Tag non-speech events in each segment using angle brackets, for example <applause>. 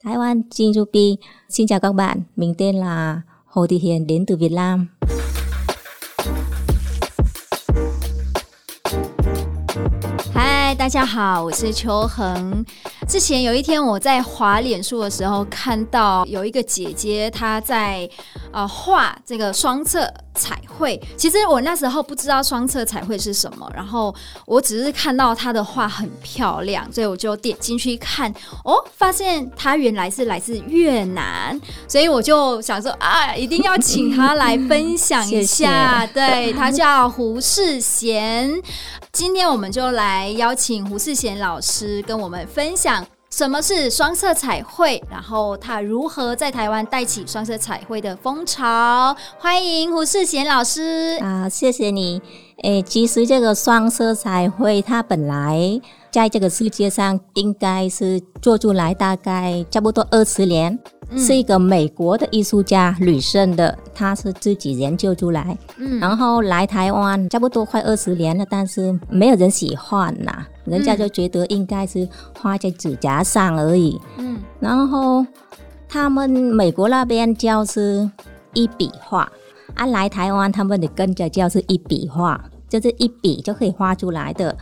台灣金珠皮，歡迎各位。我叫胡氏賢，來自越南。嗨，大家好，我是邱恆。之前有一天我在刷臉書的時候，看到有一個姐姐她在呃畫這個雙色。彩繪，其實我那時候不知道雙色彩繪是什麼，然後我只是看到他的畫很漂亮，所以我就點進去看，哦，發現他原來是來自越南，所以我就想說啊，一定要請他來分享一下。 <laughs> 謝謝對，他叫胡氏賢，今天我們就來邀請胡氏賢老師跟我們分享。什麼是雙色彩繪？然後它如何在台灣帶起雙色彩繪的風潮？歡迎胡氏賢老師啊，謝謝你。誒、欸，其實這個雙色彩繪它本來。在這個世界上，應該是做出來大概差不多二十年，嗯、是一個美國的藝術家旅順的，他是自己研究出來，嗯、然後來台灣差不多快二十年了，但是沒有人喜歡吶，人家就覺得應該是畫在指甲上而已。嗯，然後他們美國那邊叫是一筆畫，啊來台灣他們的跟着叫是一筆畫，就是一筆就可以畫出來的。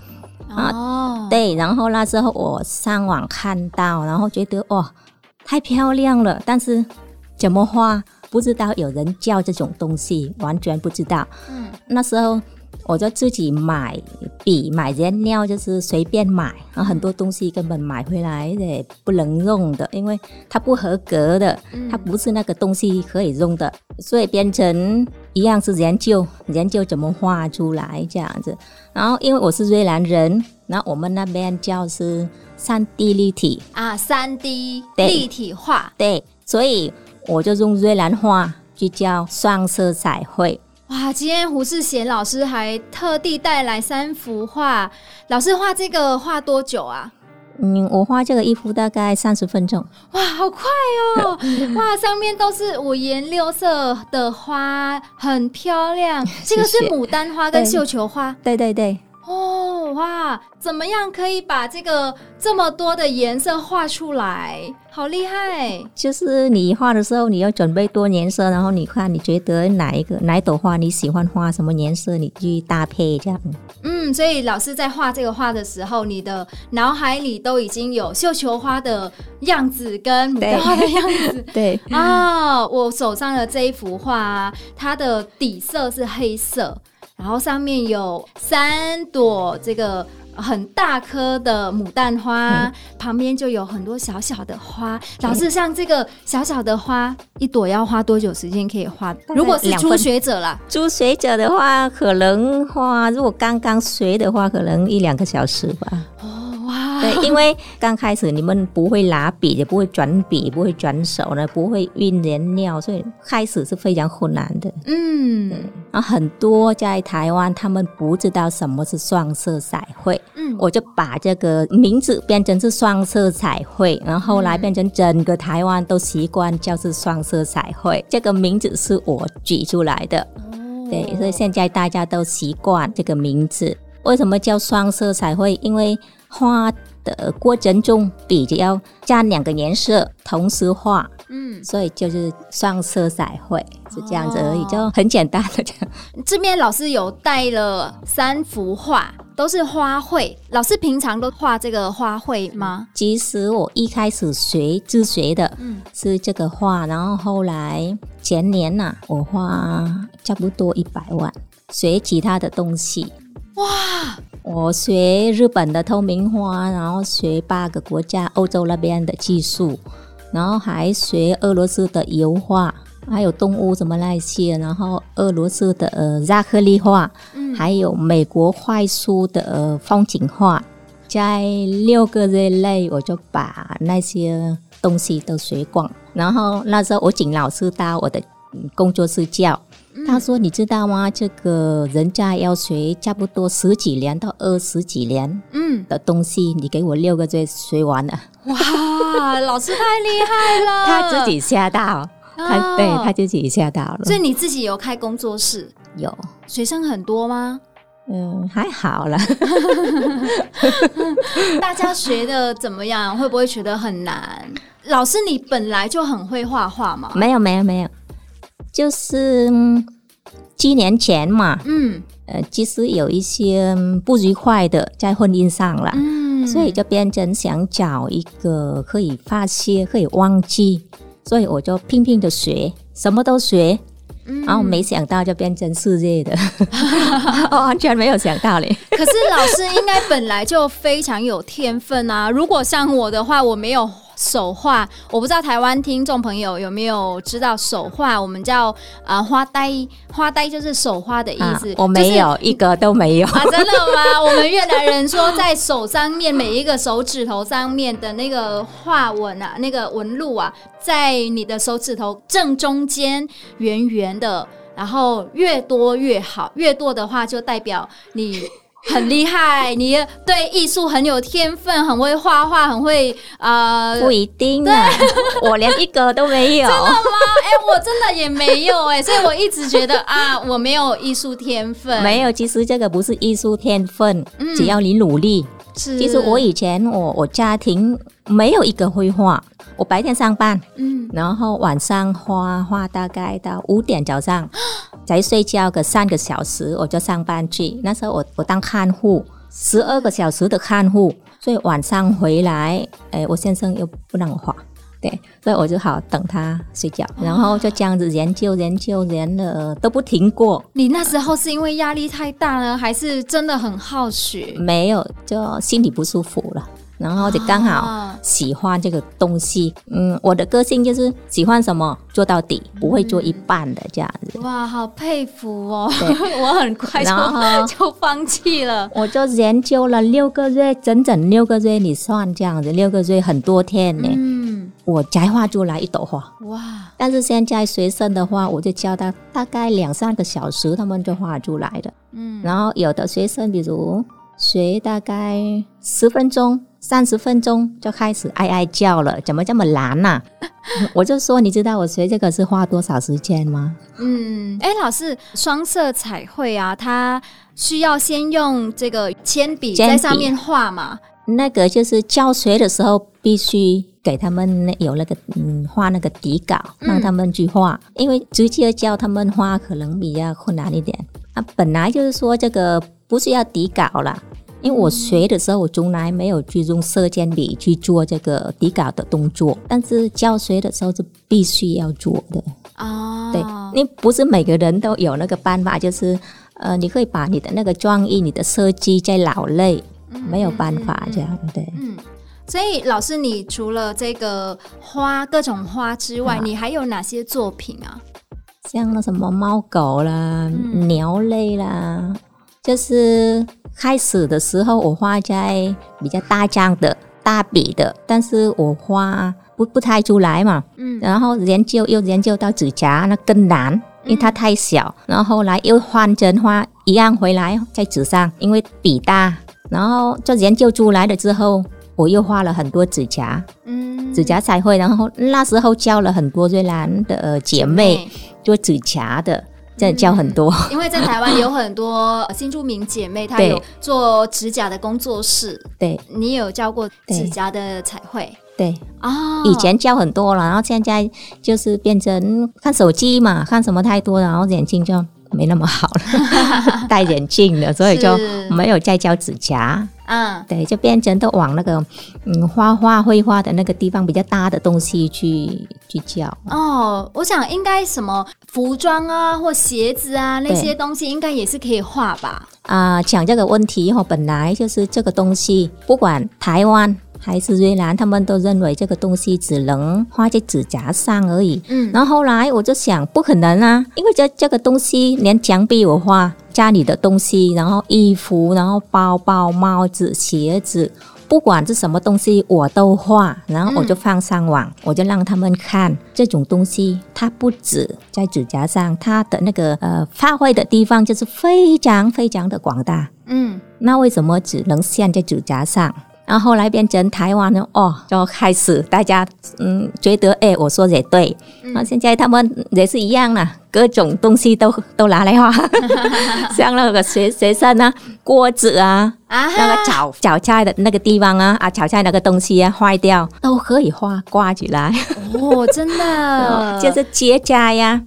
啊，對，然後那時候我上網看到，然後覺得哇、哦，太漂亮了，但是怎麼畫不知道，有人叫這種東西，完全不知道。嗯，那時候我就自己買筆、買顏料，就是隨便買，然後很多東西根本買回來也不能用的，因為它不合格的，它不是那個東西可以用的，所以變成，一樣是研究研究怎麼畫出來這樣子，然後因為我是瑞蘭人，那我們那邊叫是三 D 立體啊，三 D 對立體畫對，所以我就用瑞蘭畫就叫雙色彩繪。哇，今天胡氏賢老師還特地帶來三幅畫，老師畫這個畫多久啊？嗯，我畫這個衣服大概三十分鐘。哇，好快哦！ <laughs> 哇，上面都是五顏六色的花，很漂亮。 <laughs> 這個是牡丹花跟繡球花？對。對對對。哦，哇，怎麼樣可以把這個這麼多的顏色畫出來？好厲害！就是你畫的時候，你要準備多顏色，然後你看你覺得哪一個哪一朵花你喜歡畫什麼顏色，你去搭配這樣。嗯，所以老師在畫這個畫的時候，你的腦海裡都已經有繡球花的樣子跟花的、的樣子。對啊 <laughs> 對、哦，我手上的這一幅畫，它的底色是黑色，然後上面有三朵這個。很大棵的牡丹花 Okay. 旁邊就有很多小小的花，Okay. 老師，像這個小小的花，一朵要花多久時間可以畫？如果是初學者啦，初學者的話，可能花如果剛剛學的話，可能一兩個小時吧。哦哇！Wow 對，因為剛開始你們不會拿筆，也不會轉筆，不會轉手呢，不會運顏料，所以開始是非常困難的。嗯，嗯，很多在台灣，他們不知道什麼是雙色彩繪。嗯，我就把這個名字變成是雙色彩繪，然後後來變成整個台灣都習慣叫是雙色彩繪。嗯，這個名字是我舉出來的。Oh. 對，所以現在大家都習慣這個名字。為什麼叫雙色彩繪？因為畫的過程中，筆就要加兩個顏色同時畫，嗯，所以就是雙色彩繪是這樣子而已，哦、就很簡單的這樣。這邊老師有帶了三幅畫，都是花卉。老師平常都畫這個花卉嗎？其實、嗯、我一開始學自學的，嗯，是這個畫，然後後來前年吶、啊，我花差不多一百萬，學其他的東西。哇！我學日本的透明畫，然後學八個國家歐洲那邊的技術，然後還學俄羅斯的油畫，還有動物什麼那些，然後俄羅斯的呃亞克力畫，嗯、還有美國快速的呃風景畫。在六個月內我就把那些東西都學光，然後那時候我請老師到我的工作室教。他說：“你知道嗎？這個人家要學差不多十幾年到二十幾年，嗯的東西，嗯、你給我六個月學完了。”哇，老師太厲害了！他自己嚇到他，對他自己嚇到了。所以你自己有開工作室？有。學生很多嗎？嗯，還好了。 <laughs> <laughs> 大家學的怎麼樣？會不會覺得很難？老師，你本來就很會畫畫嗎？沒有，沒有，沒有。就是七年前嘛，嗯，呃，其實有一些不愉快的在婚姻上了，嗯，所以就變成想找一個可以發洩、可以忘記，所以我就拼命的學，什麼都學，嗯，然後沒想到就變成世界的，完全沒有想到嘞。可是老師應該本來就非常有天分啊， <laughs> 如果像我的話，我沒有。手畫，我不知道台灣聽眾朋友有沒有知道手畫，我們叫啊、呃、花呆，花呆就是手畫的意思、啊。我沒有，就是、一個都沒有。啊、真的嗎？ <laughs> 我們越南人說，在手上面 <laughs> 每一個手指頭上面的那個畫紋啊，那個紋路啊，在你的手指頭正中間，圓圓的，然後越多越好，越多的話就代表你。 <laughs> 很厲害，你對藝術很有天分，很會畫畫，很會呃。不一定，啊。對， <laughs> 我連一個都沒有。真的嗎？哎、欸，我真的也沒有哎、欸， <laughs> 所以我一直覺得啊，我沒有藝術天分。沒有，其實這個不是藝術天分，嗯、只要你努力。是其實我以前我我家庭沒有一個繪畫，我白天上班，嗯，然後晚上畫畫，大概到五點早上。 <coughs> 才睡覺個三個小時，我就上班去。那時候我我當看護，十二個小時的看護，所以晚上回來，誒、哎，我先生又不讓我畫，對，所以我就好等他睡覺，然後就這樣子研究研究研究了都不停過。你那時候是因為壓力太大呢，還是真的很好學？沒有，就心裡不舒服了。然後就剛好喜歡這個東西，啊、嗯，我的個性就是喜歡什麼做到底，嗯，不會做一半的這樣子。哇，好佩服哦！對 <laughs> 我很快就，然後就放棄了，我就研究了六個月，整整六個月，你算這樣子，六個月很多天呢。嗯，我才畫出來一朵花。哇！但是現在學生的話，我就教他大概兩三個小時，他們就畫出來的。嗯，然後有的學生，比如。學大概十分鐘、三十分鐘就開始哀哀叫了，怎麼這麼難啊？ <laughs> 我就說，你知道我學這個是花多少時間嗎？嗯，哎，老師，雙色彩繪啊，它需要先用這個鉛筆在上面畫嘛？那個就是教學的時候，必須給他們有那個嗯畫那個底稿，讓他們去畫，嗯、因為直接教他們畫可能比較困難一點啊。本來就是說這個。不需要底稿了，因為我學的時候，嗯、我從來沒有去用色鉛筆去做這個底稿的動作。但是教學的時候是必須要做的哦，對，你不是每個人都有那個辦法，就是呃，你會把你的那個創意、你的設計在腦內、嗯、沒有辦法這樣，對。嗯，所以老師，你除了這個花各種花之外，啊、你還有哪些作品啊？像那什麼貓狗啦、鳥、嗯、類啦。就是開始的時候，我畫在比較大張的、大筆的，但是我畫不不太出來嘛。嗯，然後研究又研究到指甲，那更難，因為它太小。嗯、然後後來又換針畫一樣回來在紙上，因為筆大。然後就研究出來了之後，我又畫了很多指甲，嗯，指甲彩繪。然後那時候教了很多瑞蘭的姐妹做指甲的。在教很多，嗯，因為在台灣有很多新住民姐妹，她有做指甲的工作室。對，你有教過指甲的彩繪？對哦，以前教很多了，然後現在就是變成看手機嘛，看什麼太多了，然後眼睛就沒那麼好了， <laughs> 戴眼鏡了，所以就沒有再教指甲。嗯，對，就變成都往那個嗯，畫畫繪畫的那個地方比較大的東西去去教哦。我想應該什麼服裝啊或鞋子啊那些東西，應該也是可以畫吧？啊、呃，講這個問題哈，本來就是這個東西，不管台灣。還是越南，他們都認為這個東西只能畫在指甲上而已。嗯，然後後來我就想，不可能啊，因為這這個東西連牆壁我畫，家裡的東西，然後衣服，然後包包、帽子、鞋子，不管是什麼東西我都畫。然後我就放上網，嗯、我就讓他們看這種東西，它不止在指甲上，它的那個呃發揮的地方就是非常非常的廣大。嗯，那為什麼只能限在指甲上？然後後來變成台灣了哦，就開始大家嗯，覺得哎、欸，我說的也對，那、嗯、現在他們也是一樣了，各種東西都都拿來畫， <laughs> <laughs> 像那個學學生啊，鍋子啊，啊那個炒炒菜的那個地方啊，啊炒菜那個東西啊壞掉都可以畫掛起來， <laughs> 哦真的哦，就是結痂呀、啊，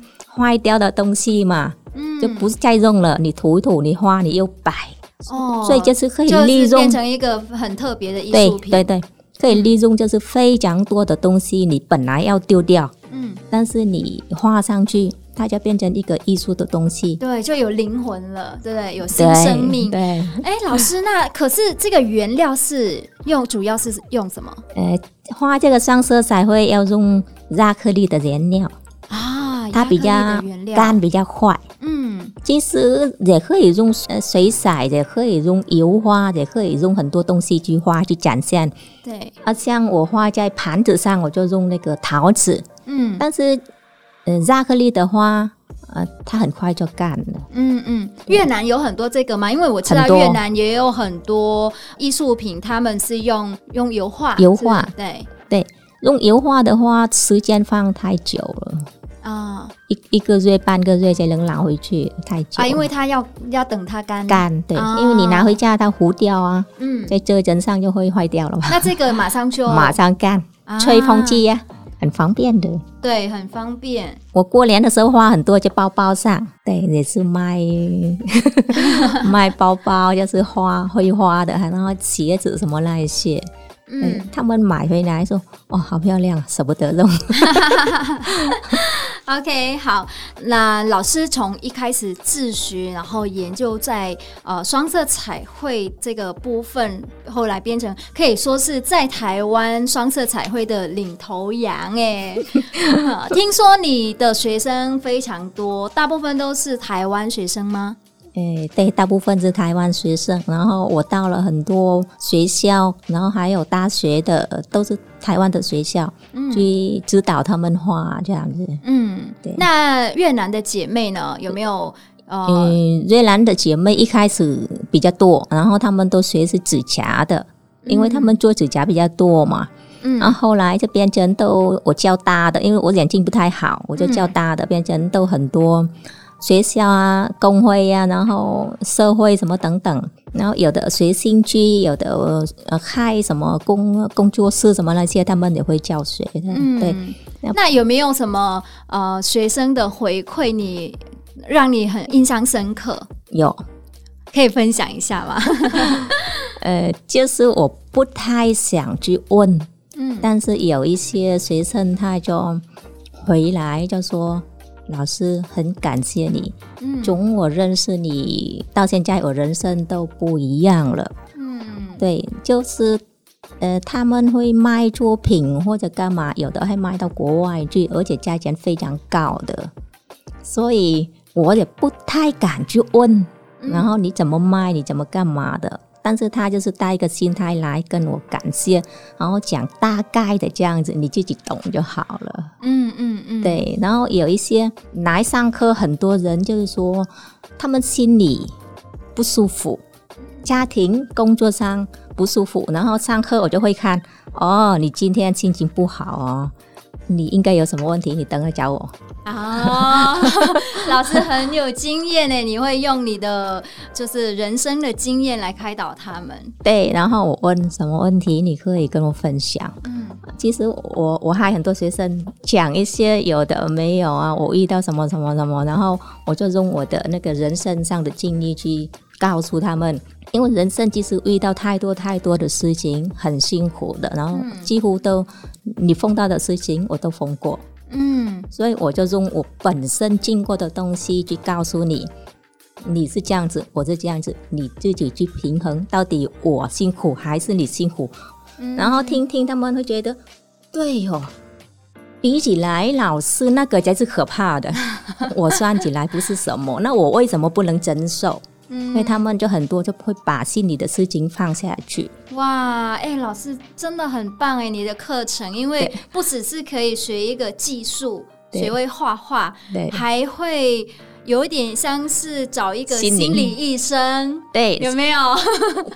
壞掉的東西嘛，嗯、就不再用了，你塗一塗你畫你又擺。哦，所以就是可以利用，變成一個很特別的藝術品。對對對，可以利用就是非常多的東西，你本來要丟掉，嗯，但是你畫上去，它就變成一個藝術的東西，對，就有靈魂了，對，對，有新生命。對，哎，老師，那可是這個原料是用，主要是用什麼？呃，畫這個雙色彩繪要用亞克力的原料啊，料它比較乾比較快，嗯。其實也可以用水彩，也可以用油畫，也可以用很多東西去畫去展現。對，啊，像我畫在盤子上，我就用那個陶瓷。嗯。但是，嗯、呃，亞克力的畫，呃，它很快就乾了。嗯嗯。越南有很多這個嗎？因為我知道越南也有很多藝術品，他們是用用油畫。油畫化。對對。用油畫的話，時間放太久了。啊，一一個月、半個月才能拿回去，太久啊，因為它要要等它乾乾，對，因為你拿回家它糊掉啊，嗯，在車針上就會壞掉了嘛。那這個馬上就馬上乾，吹風機呀，很方便的。對，很方便。我過年的時候花很多，在包包上，對，也是賣賣包包，就是花繪花的，然後鞋子什麼那些，嗯，他們買回來說，哇，好漂亮，捨不得扔。OK，好，那老師從一開始自學，然後研究在呃雙色彩繪這個部分，後來變成可以說是在台灣雙色彩繪的領頭羊、欸。誒、 <laughs> 呃，聽說你的學生非常多，大部分都是台灣學生嗎？對，對，大部分是台灣學生，然後我到了很多學校，然後還有大學的，都是台灣的學校，嗯、去指導他們畫這樣子。嗯，對。那越南的姐妹呢？有沒有？呃、嗯，越南的姐妹一開始比較多，然後他們都學是指甲的，因為他們做指甲比較多嘛。嗯。然後後來就變成都我教大的，因為我眼睛不太好，我就教大的，變成、嗯、都很多。學校啊，工會呀、啊，然後社會什麼等等，然後有的學興趣，有的呃開什麼工工作室、什麼那些，他們也會教學。嗯，對。那，那有沒有什麼呃學生的回饋你讓你很印象深刻？有，可以分享一下嗎？ <laughs> 呃，就是我不太想去問，嗯，但是有一些學生他就回來就說。老師很感謝你，嗯，從我認識你到現在，我人生都不一樣了。嗯，對，就是，呃，他們會賣作品或者幹嘛，有的還賣到國外去，而且價錢非常高的，所以我也不太敢去問。然後你怎麼賣，你怎麼幹嘛的？但是他就是帶一個心態來跟我感謝，然後講大概的這樣子，你自己懂就好了。嗯嗯嗯，嗯嗯對。然後有一些來上課，很多人就是說他們心裡不舒服，家庭、工作上不舒服，然後上課我就會看，哦，你今天心情不好哦，你應該有什麼問題，你等下找我。好，哦、 <laughs> 老師很有經驗呢， <laughs> 你會用你的就是人生的經驗來開導他們。對，然後我問什麼問題，你可以跟我分享。嗯，其實我我還很多學生講一些有的沒有啊，我遇到什麼什麼什麼，然後我就用我的那個人生上的經歷去告訴他們，因為人生其實遇到太多太多的事情，很辛苦的，然後幾乎都你碰到的事情，我都碰過。嗯嗯嗯，所以我就用我本身經過的東西去告訴你，你是這樣子，我是這樣子，你自己去平衡到底我辛苦還是你辛苦。嗯、然後聽聽他們會覺得，對哦，比起來老師那個才是可怕的， <laughs> 我算起來不是什麼，那我為什麼不能承受？嗯、因為他們就很多就會把心裡的事情放下去。哇，哎、欸，老師真的很棒哎、欸！你的課程因為不只是可以學一個技術，對學會畫畫，對，還會有一點像是找一個心理心靈醫生，對，有沒有？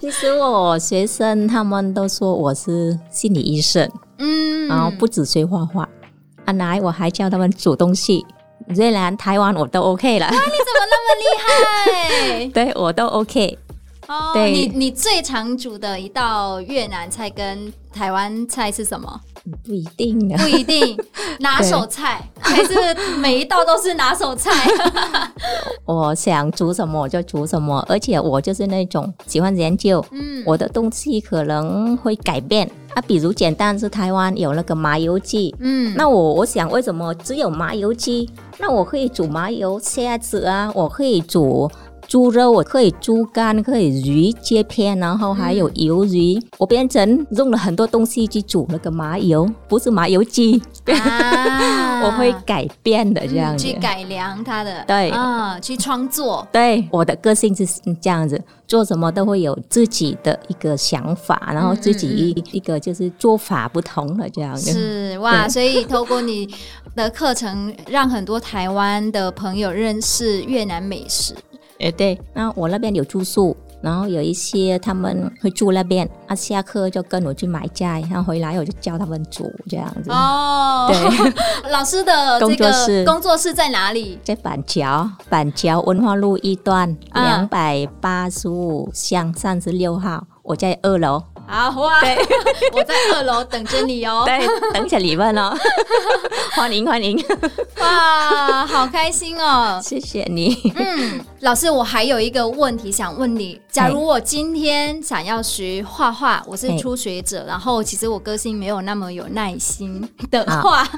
其實我學生他們都說我是心理醫生，嗯，然後不止學畫畫，嗯、啊來，來我還教他們煮東西，雖然台灣我都 OK 了。那你怎麼？ <laughs> 這麼厲害、欸， <laughs> 對，我都 OK 哦。Oh, 對你你最常煮的一道越南菜跟台灣菜是什麼？不一定啊，不一定。拿手菜，對還是每一道都是拿手菜。 <laughs> 我想煮什麼我就煮什麼，而且我就是那種喜歡研究。嗯，我的東西可能會改變啊，比如簡單是台灣有那個麻油雞，嗯，那我我想為什麼只有麻油雞？那我可以煮麻油蝦子啊，我可以煮。豬肉我可以，豬肝可以，魚切片，然後還有魷魚。嗯、我變成用了很多東西去煮那個麻油，不是麻油雞。啊、 <laughs> 我會改變的、嗯、這樣子，去改良它的，對，啊、哦，去創作。對，我的個性是這樣子，做什麼都會有自己的一個想法，然後自己一個就是做法不同的這樣子。嗯、是哇，對所以透過你的課程， <laughs> 讓很多台灣的朋友認識越南美食。哎、欸，對，那我那邊有住宿，然後有一些他們會住那邊，啊，下課就跟我去買菜，然後回來我就教他們煮這樣子。哦，對，老師的工作室，這個工作室在哪裡？在板橋，板橋文化路一段兩百八十五巷三十六號，嗯、我在二樓。好哇！對我在二樓等着你哦。對，等着你問哦。歡迎歡迎！哇，好開心哦！謝謝你。嗯，老師，我還有一個問題想問你：假如我今天想要學畫畫，嘿我是初學者，嘿然後其實我個性沒有那麼有耐心的話，好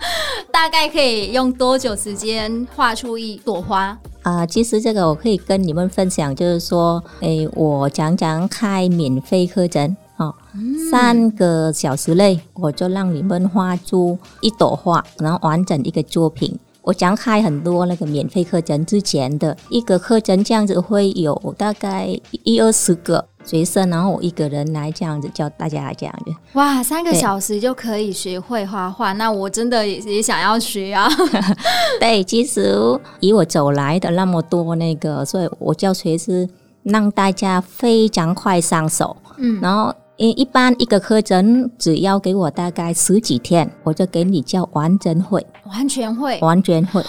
大概可以用多久時間畫出一朵花？啊、呃，其實這個我可以跟你們分享，就是說，哎，我常常開免費課程。好，哦嗯、三個小時內我就讓你們畫出一朵花，然後完整一個作品。我講開很多那個免費課程之前的一個課程，這樣子會有大概一二十個學生，然後我一個人來這樣子教大家這樣子。哇，三個小時對就可以學會畫畫，那我真的也也想要學啊！ <laughs> <laughs> 對，其實以我走來的那麼多那個，所以我教學生讓大家非常快上手，嗯，然後。一一般一個課程只要給我大概十幾天，我就給你教完整會，完全會，完全會，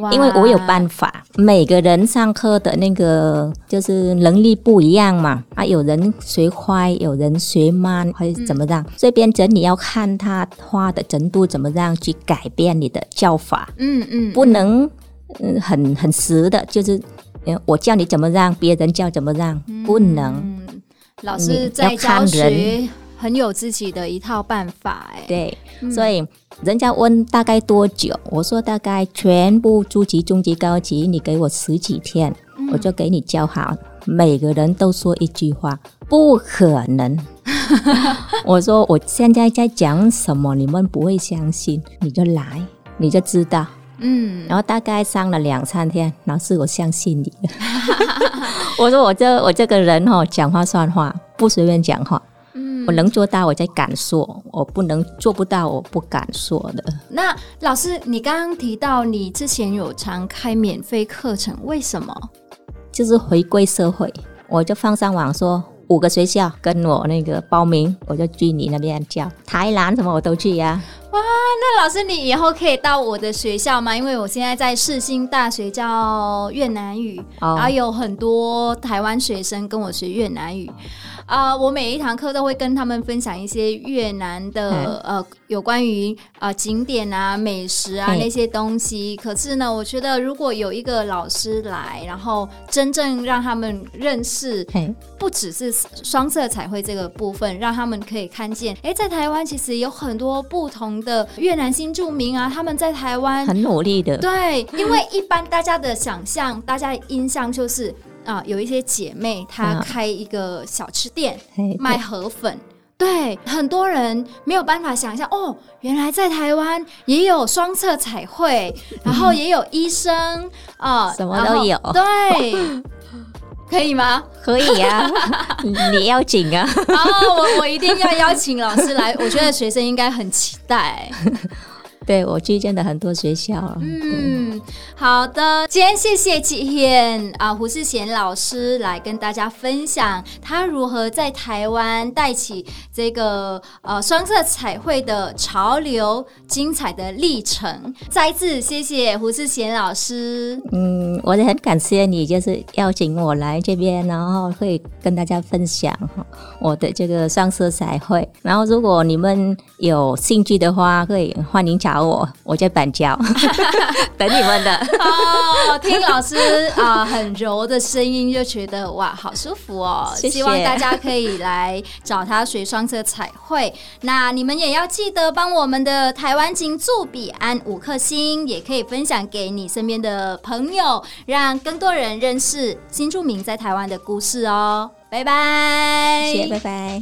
哇因為我有辦法。每個人上課的那個就是能力不一樣嘛，啊，有人學快，有人學慢，或怎麼樣。所以變成你要看他畫的程度怎麼樣，去改變你的教法。嗯嗯，不能，嗯，很很實的，就是，我叫你怎麼讓別人教怎麼樣，不能。嗯嗯嗯老師在教學很有自己的一套辦法。欸，誒，對，所以人家問大概多久，嗯、我說大概全部初級、中級、高級，你給我十幾天，嗯、我就給你教好。每個人都說一句話，不可能。 <laughs> 我說我現在在講什麼，你們不會相信，你就來，你就知道。嗯，然後大概上了兩三天，老師，我相信你。 <laughs> 我說我這我這個人哈、哦，講話算話，不隨便講話。嗯，我能做到，我才敢說；我不能做不到，我不敢說的。那老師，你剛剛提到你之前有常開免費課程，為什麼？就是回歸社會，我就放上網說五個學校跟我那個報名，我就去你那邊教。叫台南什麼我都去呀。哇，那老師你以後可以到我的學校嗎？因為我現在在世新大學教越南語，然後、oh. 啊、有很多台灣學生跟我學越南語。啊，我每一堂課都會跟他們分享一些越南的 Hey. 呃有關於啊、呃、景點啊美食啊 Hey. 那些東西。可是呢，我覺得如果有一個老師來，然後真正讓他們認識，Hey. 不只是雙色彩繪這個部分，讓他們可以看見，哎、欸，在台灣其實有很多不同。的越南新住民啊，他們在台灣很努力的，對，因為一般大家的想象、 <laughs> 大家的印象就是啊、呃，有一些姐妹她開一個小吃店、嗯、賣河粉，嘿嘿對，很多人沒有辦法想象哦，原來在台灣也有雙色彩繪，然後也有醫生啊，嗯呃、什麼都有，對。 <laughs> 可以嗎？可以呀，啊， <laughs> 你要緊啊！啊，oh，我我一定要邀請老師來， <laughs> 我覺得學生應該很期待。 <laughs> 對我去見的很多學校，嗯，對好的，今天謝謝氏賢啊，胡氏賢老師來跟大家分享他如何在台灣帶起這個呃雙色彩繪的潮流精彩的歷程。再次謝謝胡氏賢老師，嗯，我也很感謝你，就是邀請我來這邊，然後會跟大家分享我的這個雙色彩繪。然後如果你們有興趣的話，會歡迎搶。找我，我在板橋，等你們的 <laughs> 哦。聽老師啊、 <laughs> 呃，很柔的聲音，就覺得哇，好舒服哦。謝謝。希望大家可以來找他學雙色彩繪。 <laughs> 那你們也要記得幫我們的台灣金助比，按五顆星，也可以分享給你身邊的朋友，讓更多人認識新住民在台灣的故事哦。拜拜，謝謝，拜拜。